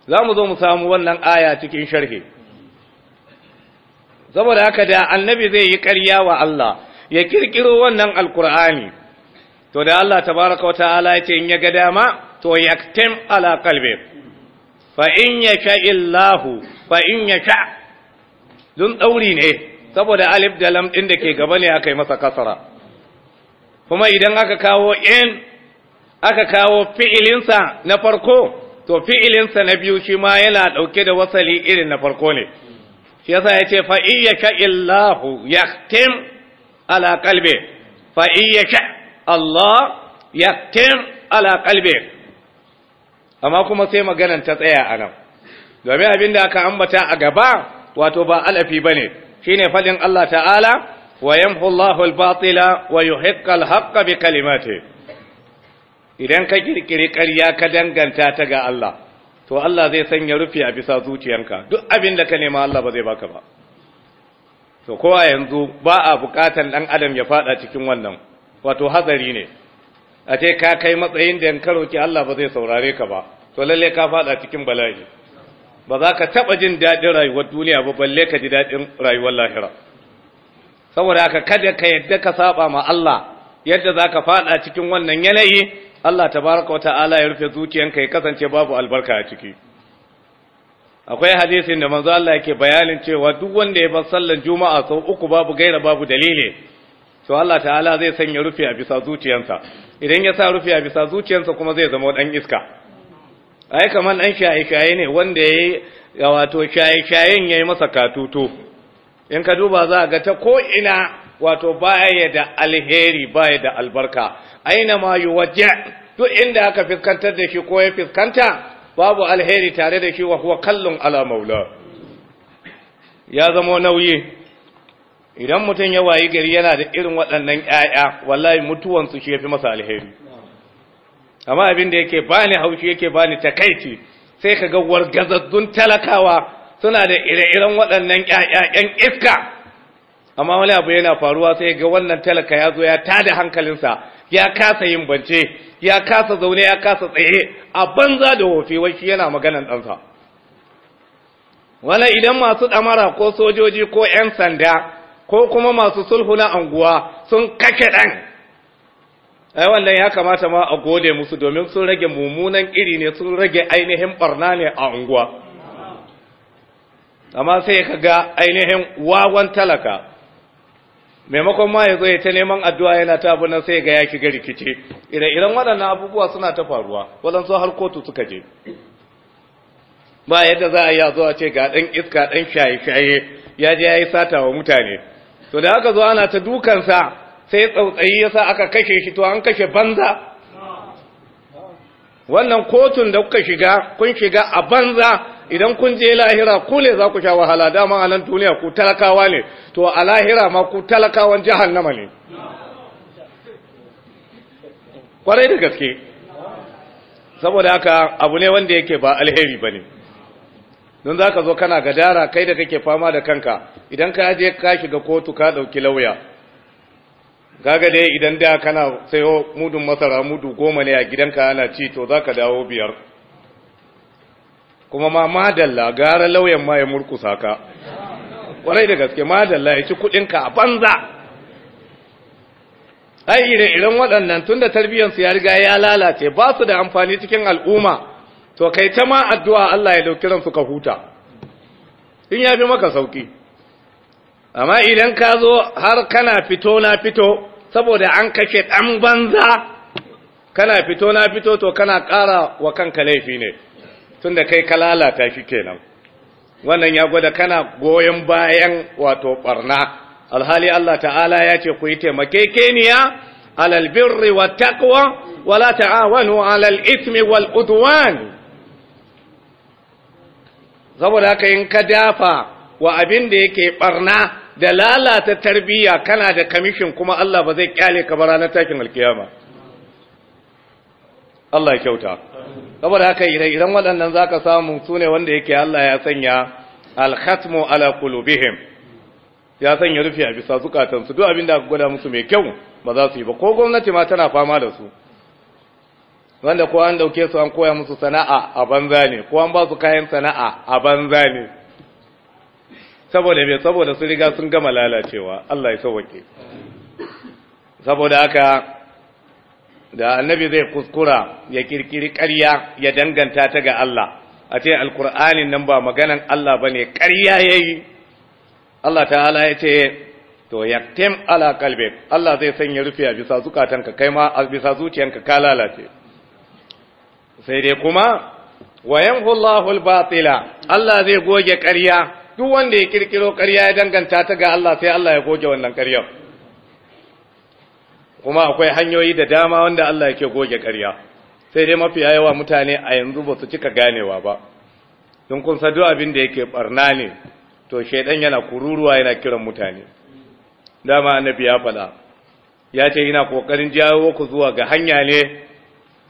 A: za mu zo mu samu wannan aya cikin sharhi saboda haka da annabi zai yi ƙarya wa Allah ya kirkiro wannan alkur'ani to da Allah tabaraka wa ta'ala ya ce in ya ga dama to yaktim ala qalbi fa in yasha illahu fa in yasha dun ɗauri ne saboda alif da lam ɗin da ke gaba ne aka yi masa kasara kuma idan aka kawo in aka kawo fi'ilinsa na farko to fi'ilinsa na biyu shi ma yana ɗauke da wasali irin na farko ne shi yasa ya ce fa'iyyaka illahu yaktim ala kalbe fa'iyyaka Allah yaktim ala kalbe amma kuma sai maganan ta tsaya a nan domin abin da aka ambata a gaba wato ba alafi bane shine fadin Allah ta'ala wa yamhu Allahu batila wa yuhiqqu al-haqqa bi kalimati idan ka ƙirƙiri ƙarya ka danganta ta ga Allah to Allah zai sanya rufi a bisa zuciyanka duk abin da ka nema Allah ba zai baka ba to kowa yanzu ba a bukatan ɗan adam ya fada cikin wannan wato hatsari ne a ce ka kai matsayin da yankaro ki Allah ba zai saurare ka ba to lalle ka fada cikin bala'i ba za ka taɓa jin daɗin rayuwar duniya ba balle ka ji daɗin rayuwar lahira saboda haka kada ka yadda ka saba ma Allah yadda za ka faɗa cikin wannan yanayi Allah tabaraka ta'ala ya rufe zuciyanka ya kasance babu albarka a ciki akwai hadisin da manzo Allah yake bayanin cewa duk wanda ya bar sallar juma'a sau uku babu gaira babu dalili to Allah ta'ala zai sanya rufe a bisa zuciyansa idan ya sa rufe a bisa zuciyansa kuma zai zama dan iska ai kamar ɗan shaye-shaye ne wanda ya yi wato shaye-shayen ya yi masa katutu in ka duba za ga ta ko'ina wato baya da alheri baya da albarka aina ma yi waje duk inda aka fiskantar da shi ko ya fiskanta babu alheri tare da shi wa kuwa kallon ala maula ya zama nauyi idan mutum ya wayi gari yana da irin waɗannan ‘ya'ya wallahi mutuwansu shi ya fi masa alheri amma abin da yake bani haushi yake bani takaici sai ka ga gazazzun talakawa suna da ire-iren waɗannan ƴaƴan iska amma wani abu yana faruwa sai ga wannan talaka ya zo ya tada hankalinsa ya kasa yin bance ya kasa zaune ya kasa tsaye a banza da hofi wai shi yana maganan ɗansa wala idan masu ɗamara ko sojoji ko 'yan sanda ko kuma masu sulhu na anguwa sun kake ɗan ai wannan ya kamata ma a gode musu domin sun rage mummunan iri ne sun rage ainihin barna ne a unguwa amma sai ka ga ainihin wagon talaka maimakon ma ya zo ya ta neman addu'a yana ta abu nan sai ga ya shiga rikice ire-iren waɗannan abubuwa suna ta faruwa waɗansu har kotu suka je ba yadda za a yi zuwa ce ga ɗan iska ɗan shaye-shaye ya je ya yi sata wa mutane to da aka zo ana ta dukansa sai tsautsayi sa aka kashe shi to an kashe banza wannan kotun da kuka shiga kun shiga a banza idan kun je lahira ku ne za ku sha wahala dama a nan duniya ku talakawa ne to a lahira ma ku talakawan jahannama ne kwarai da gaske saboda haka abu ne wanda yake ba alheri ba ne don za ka zo kana gadara kai da kake fama da kanka idan ka je ka shiga kotu ka ɗauki lauya gaga dai idan da kana sayo mudun masara mudu goma ne a gidanka ana ci to za ka dawo biyar kuma ma madalla gara lauyan ma ya murkusa ka kwarai da gaske madalla ya ci kudinka a banza ai ire-iren waɗannan tun da tarbiyyarsu ya riga ya lalace ba su da amfani cikin al'umma to kai ta ma addu'a Allah ya dauki ransu suka huta in ya fi maka sauki amma idan ka zo har kana fito na fito saboda an kashe ɗan banza kana fito na fito to kana ƙara wa kanka laifi ne tun da kai ka lalata shi kenan wannan ya gwada kana goyon bayan wato ɓarna alhali Allah ta'ala ya ce ku yi taimake Keniya, alal birri wa taqwa wala ta'awanu alal ismi wal udwan saboda haka in ka dafa wa abin da yake ɓarna da lalata tarbiyya kana da kamishin kuma Allah ba zai kyale ka ba ranar takin alkiyama Allah ya kyauta saboda haka idan idan waɗannan zaka samu sune wanda yake Allah ya sanya al ala qulubihim ya sanya rufi a bisa su duk abin da aka gwada musu mai kyau ba za su yi ba ko gwamnati ma tana fama da su wanda ko an dauke su an koya musu sana'a a banza ne ko an ba su kayan sana'a a banza ne saboda mai saboda su riga sun gama lalacewa Allah ya sauwake saboda haka da annabi zai kuskura ya kirkiri ƙarya ya danganta ta ga Allah a ce alkur'anin nan ba maganan Allah ba ne ƙarya ya yi Allah ta ta'ala ya ce to ya tem ala kalbe Allah zai sanya rufi a bisa zukatanka kai ma a bisa zuciyanka ka lalace sai dai kuma wayan hulahul batila Allah zai goge ƙarya duk wanda ya kirkiro ƙarya ya danganta ta ga Allah sai Allah ya goge wannan ƙaryar kuma akwai hanyoyi da dama wanda Allah yake goge ƙarya sai dai mafi yawa mutane a yanzu ba su cika ganewa ba don kun sadu abin da yake barna ne to shaidan yana kururuwa yana kiran mutane dama annabi ya faɗa ya ce yana kokarin jawo ku zuwa ga hanya ne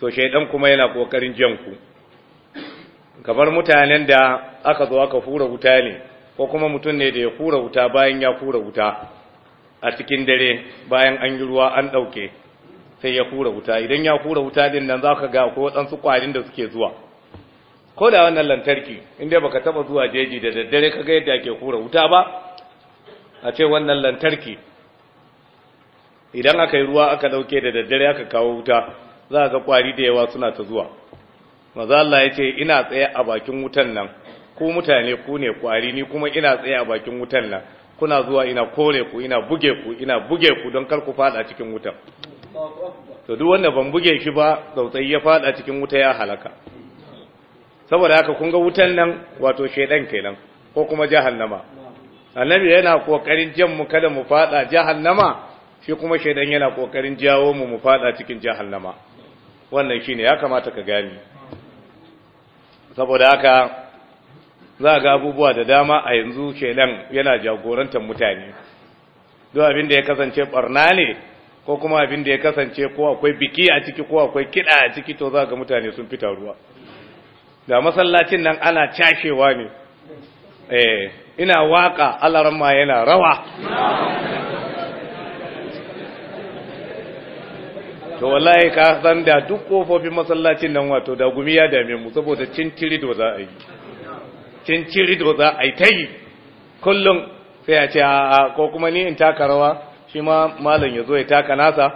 A: to shaidan kuma yana kokarin jan ku kamar mutanen da aka zo aka fura wuta ne ko kuma mutum ne da ya kura wuta bayan ya kura wuta a cikin dare bayan an yi ruwa an ɗauke sai ya kura wuta idan ya kura wuta din nan za ka ga ko waɗansu ƙwarin da suke zuwa ko da wannan lantarki inda baka taɓa zuwa jeji da daddare ka ga yadda ake kura wuta ba a ce wannan lantarki idan aka yi ruwa aka ɗauke da daddare aka kawo wuta za ga ƙwari da yawa suna ta zuwa maza Allah ya ce ina tsaye a bakin wutan nan ku mutane ku ne kwari ni kuma ina tsaye a bakin wutan nan kuna zuwa ina kore ku ina buge ku ina buge ku don kar ku fada cikin wutan to duk wanda ban buge shi ba tsautsayi ya fada cikin wuta ya halaka saboda haka kun ga wutan nan wato shedan kenan ko kuma jahannama annabi yana kokarin jan mu kada mu fada jahannama shi kuma shedan yana kokarin jawo mu mu fada cikin jahannama wannan shine ya kamata ka gani saboda haka za ga abubuwa da dama a yanzu kenan yana jagorantar mutane duk abin da ya kasance barna ne ko kuma abin da ya kasance ko akwai biki a ciki ko akwai kiɗa a ciki to za ga mutane sun fita ruwa da masallacin nan ana cashewa ne eh ina waka alaramma yana rawa
B: to wallahi ka
A: san da duk kofofin masallacin nan wato da gumi ya dame mu saboda cin tiri da za a yi cincirido za a yi ta yi kullum sai a ce a ko kuma ni in taka rawa shi ma malam ya zo ya taka nasa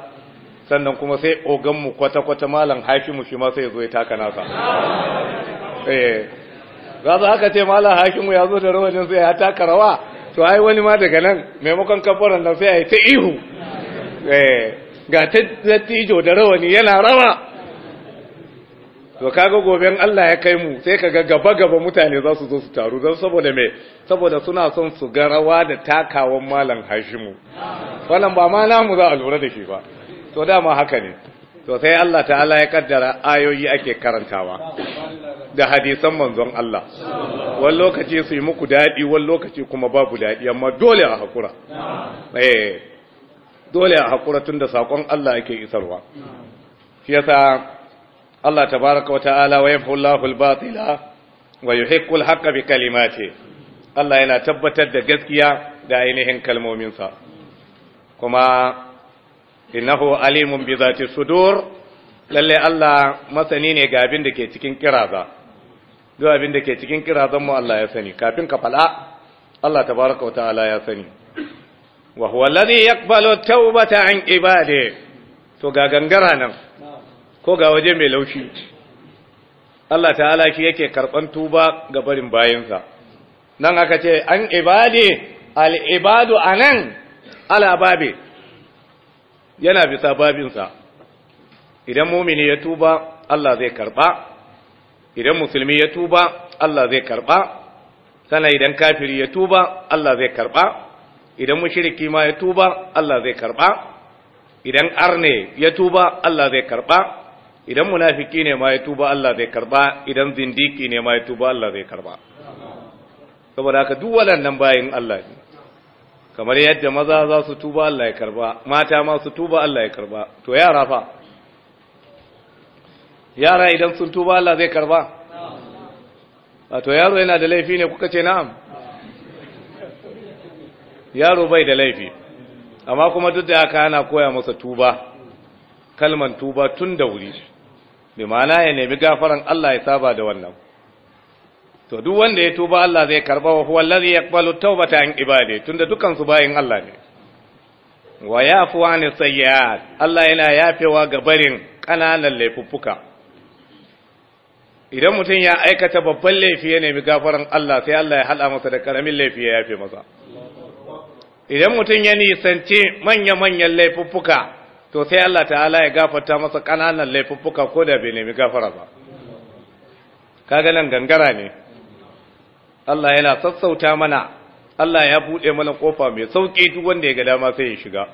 A: sannan kuma sai oganmu kwata-kwata malam hakimu shi ma sai ya zo ya taka nasa eh. za su haka ce malam mu ya zo da rawanin sai ya taka rawa to ai wani ma daga nan maimakon kafaran nan sai ya yi ta ihu eh. ga ta da rawani yana rawa to kaga goben Allah ya kai mu sai kaga gaba gaba mutane za su zo su taru don saboda me saboda suna son su ga rawa da takawan malam Hashimu wannan ba ma namu za a lura da shi ba to dama haka ne to sai Allah ta'ala ya kaddara ayoyi ake karantawa da hadisan manzon Allah wani lokaci su yi muku daɗi wani lokaci kuma babu daɗi amma dole a hakura eh dole a haƙura tunda sakon Allah ake isarwa shi yasa Allah tabaraka wa ta'ala wa yamhu Allahu batila wa yuhiqqu al-haqqa bi kalimati Allah yana tabbatar da gaskiya da ainihin kalmominsa kuma inahu alimun bi zati sudur lalle Allah masani ne ga abin da ke cikin kiraza duk abin da ke cikin kirazanmu mu Allah ya sani kafin ka fada Allah tabaraka wa ta'ala ya sani wa huwa alladhi yaqbalu at-taubata an ibadihi to ga gangara nan ko ga waje mai laushi Allah ta'ala shi yake karɓan tuba ga barin bayansa nan aka ce an ibadi al'ibadu anan ala yana bisa babinsa idan mumini ya tuba Allah zai karɓa. idan musulmi ya tuba Allah zai karɓa. sana idan kafiri ya tuba Allah zai karɓa. idan mushiriki ma ya tuba Allah zai karɓa. idan arne ya tuba Allah zai karɓa. idan munafiki ne ma ya tuba Allah zai karba idan zindiki ne ma ya tuba Allah zai karba saboda haka duk waɗannan bayin Allah ne kamar yadda maza za su tuba Allah ya karba mata ma su tuba Allah ya karba to yara fa yara idan sun tuba Allah zai karba to yaro yana da laifi ne kuka ce na'am yaro bai da laifi amma kuma duk da haka ana koya masa tuba kalman tuba tun da wuri bi ma'ana ya nemi gafaran Allah ya saba da wannan to duk wanda ya tuba Allah zai karba wa huwa allazi yaqbalu tawbata an ibade tunda dukan su bayin Allah ne wa yafu an sayyi'at Allah yana yafewa ga barin kananan laifuffuka idan mutum ya aikata babban laifi ya nemi gafaran Allah sai Allah ya hada masa da karamin laifi ya yafe masa idan mutum ya nisanci manya-manyan laifuffuka to sai Allah ta'ala ya gafarta masa ƙananan laifuffuka ko da bai nemi gafara ba kaga nan gangara ne Allah yana sassauta mana Allah ya buɗe mana kofa mai sauƙi duk wanda ya ga dama sai ya shiga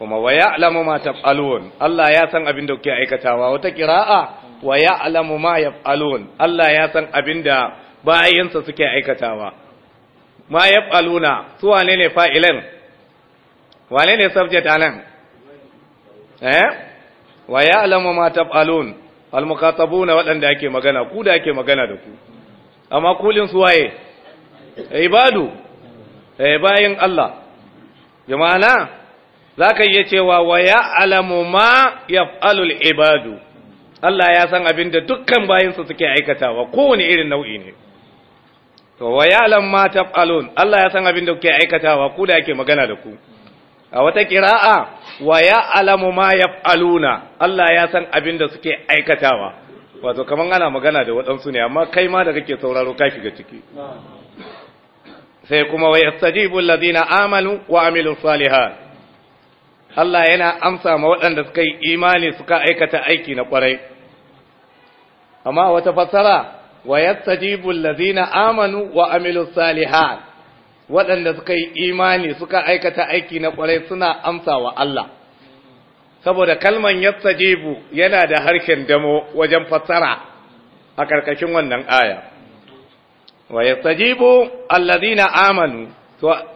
A: kuma wa ya'lamu ma taf'alun Allah ya san abin da kuke aikatawa wata qira'a wa ya'lamu ma yaf'alun Allah ya san abin da bayansa suke aikatawa ma yaf'aluna su wane ne fa'ilan wane ne subject anan eh wa ya'lamu ma taf'alun almuqatabuna waɗanda ake magana ku da ake magana da ku amma kulin su waye eh, ibadu eh bayin Allah bi ma'ana zaka iya cewa wa ya'lamu ma al ibadu Allah ya san abin da dukkan su suke aikatawa kowane irin nau'i ne to wa ya'lam ma taf'alun Allah ya san abin da kuke aikatawa ku da yake magana da ku a wata ƙira'a wa ya alamu ma ya faluna Allah ya san abin da suke aikatawa wato kamar ana magana da waɗansu ne amma kai ma da kake sauraro ka shiga ciki sai kuma wa yastajibu alladhina amanu wa amilu salihat Allah yana amsa ma waɗanda suka yi imani suka aikata aiki na ƙwarai amma wata fassara wa yastajibu alladhina amanu wa amilu salihat waɗanda suka yi imani suka aikata aiki na ƙwarai suna amsa wa Allah saboda kalman jebu yana da harshen damo wajen fassara a ƙarƙashin wannan aya wa Allah zina amanu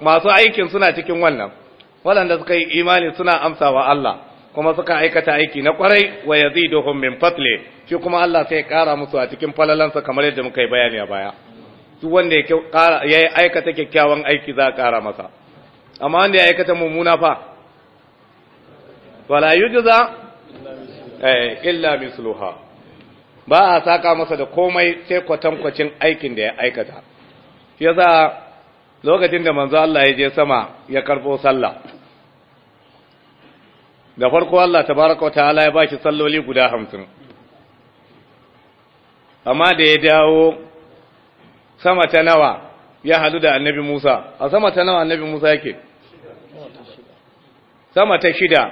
A: masu aikin suna cikin wannan waɗanda suka yi imani suna amsa wa Allah kuma suka aikata aiki na ƙwarai wa yazidu min fadli shi kuma Allah sai ya ƙara musu a cikin falalansa kamar yadda muka yi bayani a baya duk wanda ya aikata kyakkyawan aiki za a kara masa amma wanda ya aikata mummuna fa wala yujza eh, illa misluha ba a saka masa da komai sai kwatankwacin aikin da ya aikata shi yasa lokacin da manzo Allah ya je sama ya karbo sallah da farko Allah tabaraka ta'ala ya shi salloli guda hamsin amma da ya dawo sama ta nawa ya hadu da annabi Musa a sama ta nawa annabi Musa yake sama ta shida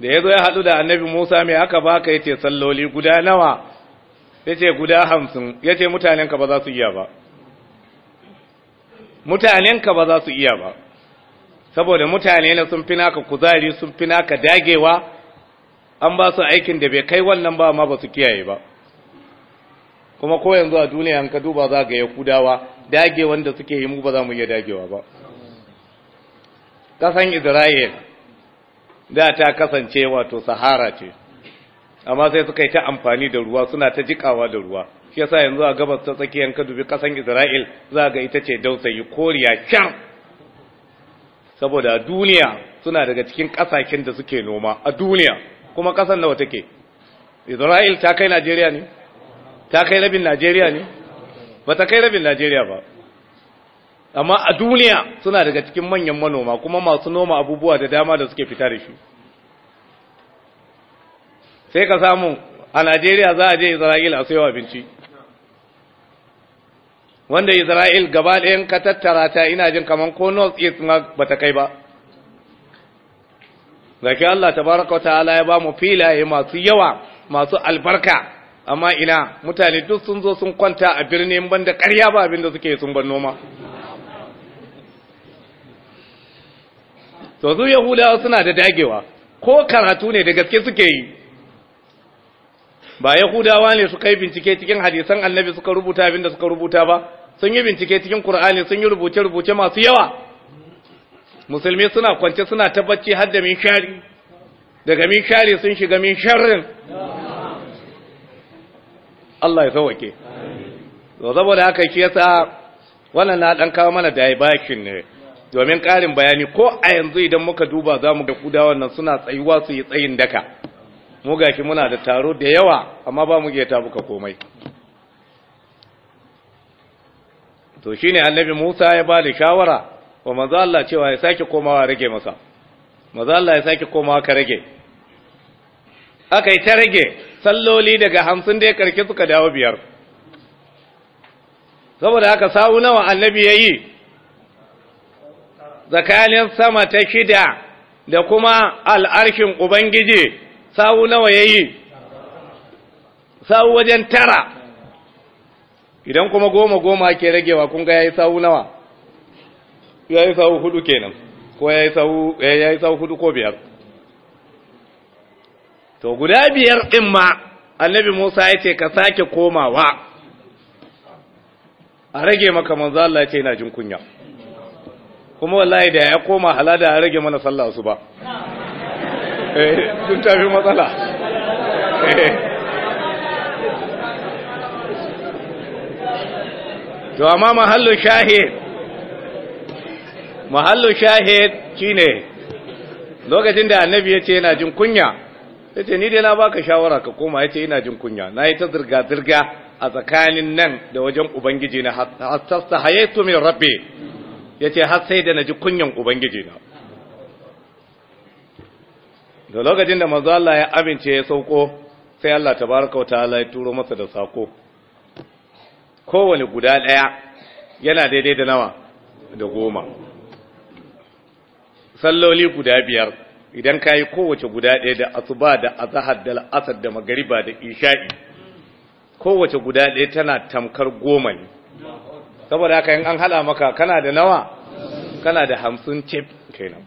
A: da yazo ya hadu da annabi Musa me aka baka yace salloli guda nawa yace guda hamsin yace mutanenka ba za su iya ba mutanenka ba za su iya ba saboda mutane ne sun fi naka kuzari sun fi naka dagewa an ba su aikin da bai kai wannan ba amma ba su kiyaye ba kuma ko yanzu a duniya an ka duba za ga yahudawa dage wanda suke yi mu ba za mu iya dagewa ba kasan isra'il da ta kasance wato sahara ce amma sai suka yi ta amfani da ruwa suna ta jikawa da ruwa shi yasa yanzu a gabas ta tsakiyar ka dubi kasan isra'il za ga ita ce dausayi koriya kyan saboda a duniya suna daga cikin kasashen da suke noma a duniya kuma kasan nawa take isra'il ta kai najeriya ne ta kai rabin najeriya ne ba ta kai rabin najeriya ba amma a duniya suna daga cikin manyan manoma kuma masu noma abubuwa da dama da suke fita da shi sai ka samu a najeriya za a je Isra'il a sayo abinci wanda isra'il gaba ɗayan ka tattara ta ina jin kamar ko north east ma ba ta kai ba zaki Allah tabaraka wa ta'ala ya ba mu filaye masu yawa masu albarka amma ina mutane duk sun zo sun kwanta a birnin banda ƙarya ba abinda suke sun ban noma to su yahudawa suna da dagewa ko karatu ne da gaske suke yi ba yahudawa ne suka yi bincike cikin hadisan annabi suka rubuta abinda suka rubuta ba sun yi bincike cikin kur'ani sun yi rubuce-rubuce masu yawa musulmi suna kwance suna tabbaci har da min shari daga min shari sun shiga min sharrin Allah ya sauke to saboda haka shi yasa wannan na dan kawo mana bakin ne domin karin bayani ko a yanzu idan muka duba zamu ga kuda wannan suna tsayuwa su yi tsayin daka mu gashi muna da taro da yawa amma ba mu iya buka komai to shine annabi Musa ya ba da shawara wa manzo Allah cewa ya sake komawa rage masa manzo Allah ya sake komawa ka rage aka yi ta rage salloli daga hamsin da ya karki suka dawo biyar saboda haka sa'u nawa annabi ya yi tsakanin sama ta shida da kuma al'arshin ubangiji sa'u nawa ya yi sa'u wajen tara idan kuma goma goma ke ragewa kunga ga ya yi sa'u nawa ya yi sa'u hudu kenan ko ya yi sa'u hudu ko biyar to guda biyar ɗin ma annabi Musa ya ce ka sake komawa a rage maka manzo Allah ya ce ina jin kunya kuma wallahi da ya koma halada a rage mana sallah su ba eh ta fi matsala eh. to amma mahallu shahid mahallu shahid shine lokacin da annabi ya ce yana jin kunya ya ce ni dai na baka shawara ka koma ya ce ina jin kunya na yi ta zirga-zirga a tsakanin nan da wajen ubangiji na haye su mai rabbi ya ce har sai da na ji kunyan ubangiji na da lokacin da mazu Allah ya amince ya sauko sai Allah ta tabaraka wa Allah ya turo masa da sako kowane guda ɗaya yana daidai da nawa da goma salloli guda biyar idan ka yi kowace guda ɗaya da asuba da azahar da la'asar da magariba da isha'i kowace guda ɗaya tana tamkar goma ne saboda haka yin an hala maka kana da nawa kana da hamsin cip? kenan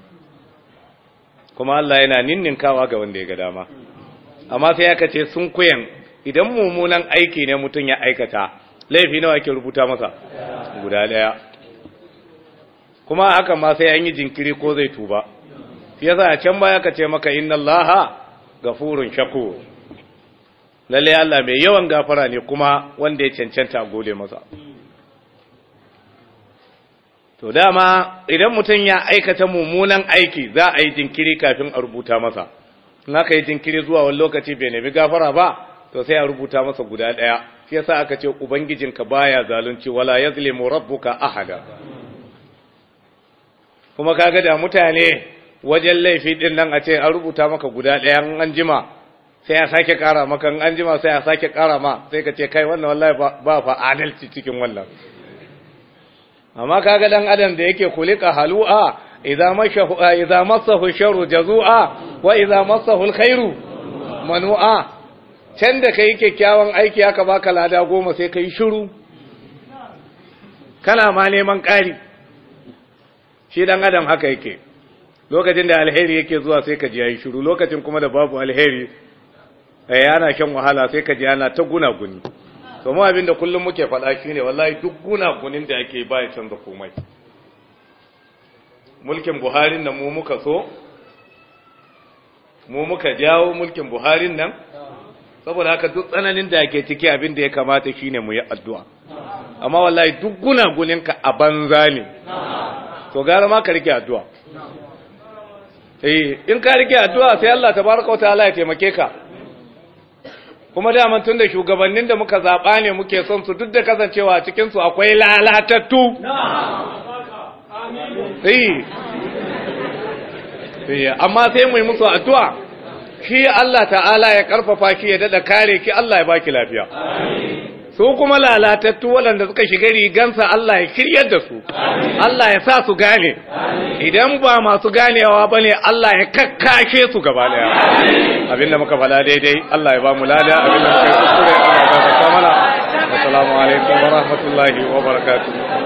A: kuma Allah yana ninninkawa ga wanda ya ga dama amma sai aka ce sun kuyan idan mummunan aiki ne mutum ya aikata laifi nawa ke rubuta masa guda ɗaya kuma haka ma sai an yi jinkiri ko zai tuba Siyasa a can baya ka ce maka inna allaha gafurun shakur lalle Allah mai yawan gafara ne kuma wanda ya cancanta gode masa to dama idan mutum ya aikata mummunan aiki za a yi jinkiri kafin a rubuta masa in aka yi jinkiri zuwa wani lokaci bai nemi gafara ba to sai a rubuta masa guda ɗaya shi yasa aka ce ubangijinka baya zalunci wala yazlimu rabbuka ahada kuma kaga da mutane wajen laifi din nan a ce an rubuta maka guda ɗaya an jima sai a sake ƙara maka an jima sai a sake ƙara ma sai ka ce kai wannan wallahi ba fa adalci cikin wannan amma kaga dan adam da yake kulika halu'a idza mashahu idza massahu sharru jazua wa idza massahu alkhairu manu'a can da kai kyakkyawan aiki aka baka lada goma sai kai shiru kana ma neman ƙari shi dan adam haka yake lokacin da alheri yake zuwa sai ka ji yayi shiru lokacin kuma da babu alheri eh ana shan wahala sai ka ji ana ta gunaguni to mu abinda kullum muke faɗa shine wallahi duk gunagunin da yake ba ya canza komai mulkin Buhari nan mu muka so mu muka jawo mulkin Buhari nan saboda haka duk tsananin da yake ciki abin da ya kamata shine mu yi addu'a amma wallahi duk gunagunin ka a banza ne to gara ma ka rike addu'a Eh, in ka rike addu'a sai Allah tabaraka ala ya taimake ka kuma da mun tunda shugabannin da muka zaɓa ne muke son su duk da kasancewa cikin su akwai lalatattu eh. Eh, amma sai mu yi musu addu'a shi Allah ta'ala ya ƙarfafa ki ya dada kare ki Allah ya baki lafiya
B: amin
A: su kuma lalatattu waɗanda suka shiga rigansa Allah ya kiryar da su Allah ya sa su gane idan ba masu ganewa ba ne Allah ya kakkashe su gaba daya abinda muka fada daidai Allah ya ba mu lada abinda muka yi kuskure Allah ya ba su kamala assalamu alaikum wa rahmatullahi wa barakatuh